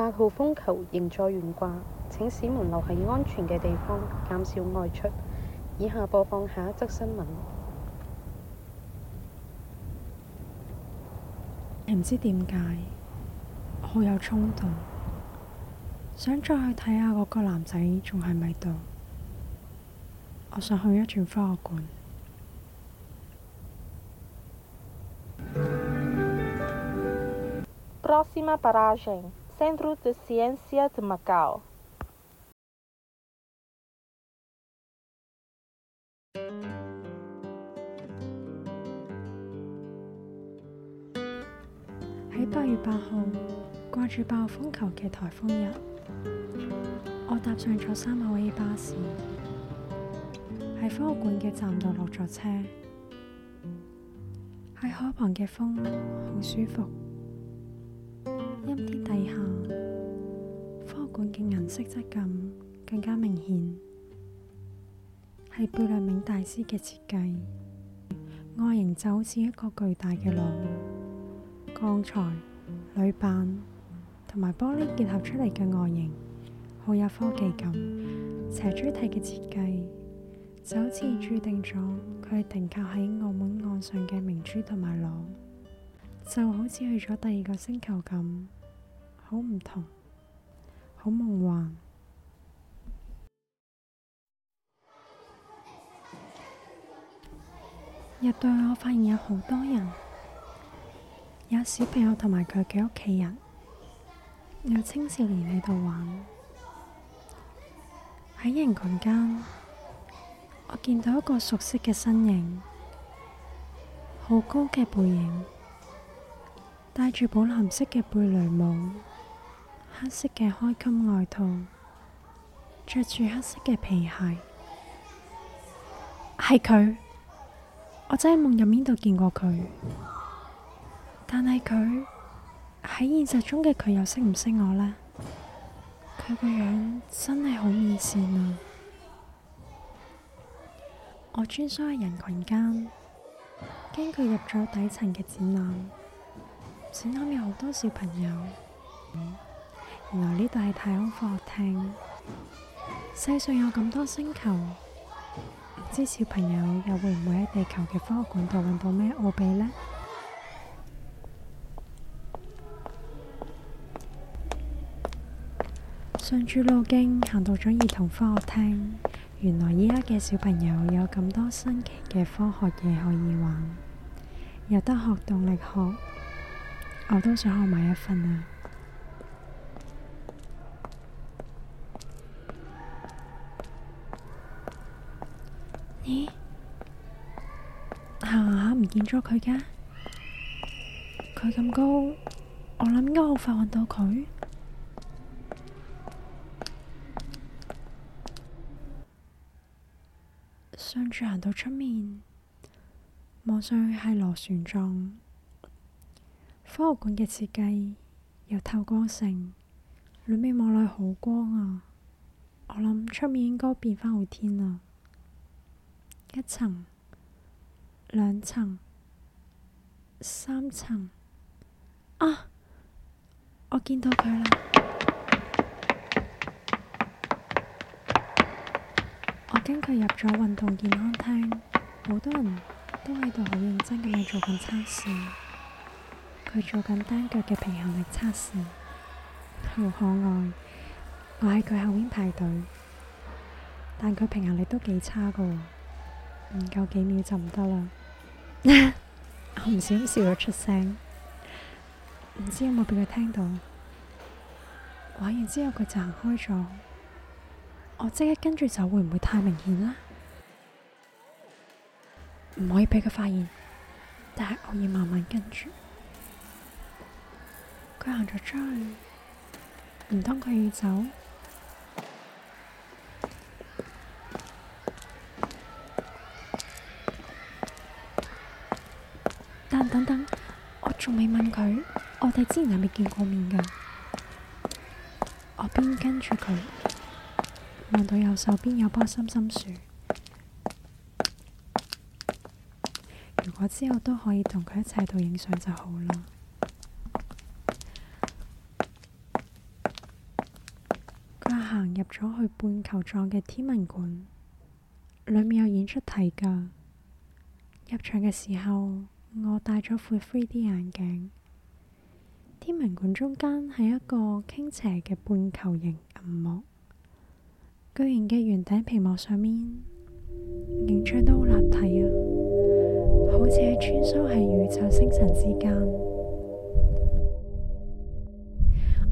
八號風球仍在懸掛，請市民留喺安全嘅地方，減少外出。以下播放下一則新聞。唔知點解，好有衝動，想再去睇下嗰個男仔仲喺咪度。我想去一轉科學館。喺八月八號，掛住暴風球嘅颱風日，我搭上咗三號 A 巴士，喺科學館嘅站度落咗車，喺河旁嘅風好舒服。陰天底下科館嘅顏色質感更加明顯，係貝聿銘大師嘅設計，外形就好似一個巨大嘅浪，鋼材、鋁板同埋玻璃結合出嚟嘅外形，好有科技感。斜錐體嘅設計就好似注定咗佢係停靠喺澳門岸上嘅明珠同埋浪。就好似去咗第二個星球咁，好唔同，好夢幻。入到去，我發現有好多人，有小朋友同埋佢嘅屋企人，有青少年喺度玩。喺人群間，我見到一個熟悉嘅身影，好高嘅背影。戴住寶藍色嘅貝雷帽，黑色嘅開襟外套，着住黑色嘅皮鞋，係佢。我真係夢入面邊度見過佢，但係佢喺現實中嘅佢又識唔識我呢？佢個樣真係好面善啊！我穿梭喺人群間，驚佢入咗底層嘅展覽。整啱有好多小朋友，原來呢度係太空科學廳。世上有咁多星球，唔知小朋友又會唔會喺地球嘅科學館度搵到咩奧秘呢？順住路徑行到咗兒童科學廳，原來而家嘅小朋友有咁多新奇嘅科學嘢可以玩，又得學動力學。我都想我買一份啊！咦、欸，行行下唔見咗佢㗎。佢咁高，我諗應該好快搵到佢。順住行到出面，望上去係螺旋狀。科學館嘅設計有透光性，裏面望落去好光啊！我諗出面應該變翻回天啦！一層、兩層、三層啊！我見到佢啦！我跟佢入咗運動健康廳，好多人都喺度好認真咁樣做緊測試。佢做緊單腳嘅平衡力測試，好可愛。我喺佢後面排隊，但佢平衡力都幾差噶，唔夠幾秒就唔得啦。 我唔小心笑咗出聲，唔知有冇俾佢聽到。玩完之後佢就行開咗，我即刻跟住走會唔會太明顯啦？唔 可以俾佢發現，但係我要慢慢跟住。佢行咗出去，唔通佢要走？但等等，我仲未問佢，我哋之前係未見過面㗎？我邊跟住佢，望到右手邊有棵深深樹。如果之後都可以同佢一齊度影相就好啦。入咗去半球狀嘅天文館，裏面有演出睇噶。入場嘅時候，我戴咗副 3D 眼鏡。天文館中間係一個傾斜嘅半球形銀幕，巨型嘅圓頂屏幕上面，影像都好立體啊，好似喺穿梭喺宇宙星辰之間。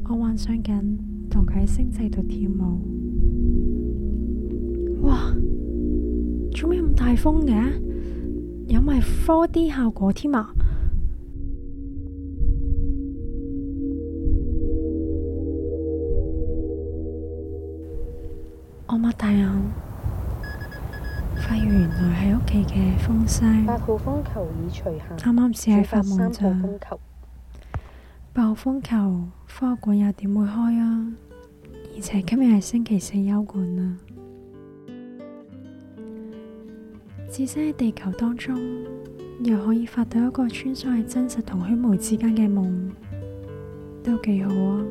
我幻想緊。同佢喺星際度跳舞，嘩！做咩咁大風嘅？有埋 4D 效果添啊！我擘 大眼，發現原來係屋企嘅風聲。啱啱試係發夢啫。 暴風球，科館又點會開啊？而且今日係星期四休館啊！置身喺地球當中，又可以發到一個穿梭喺真實同虛無之間嘅夢，都幾好啊！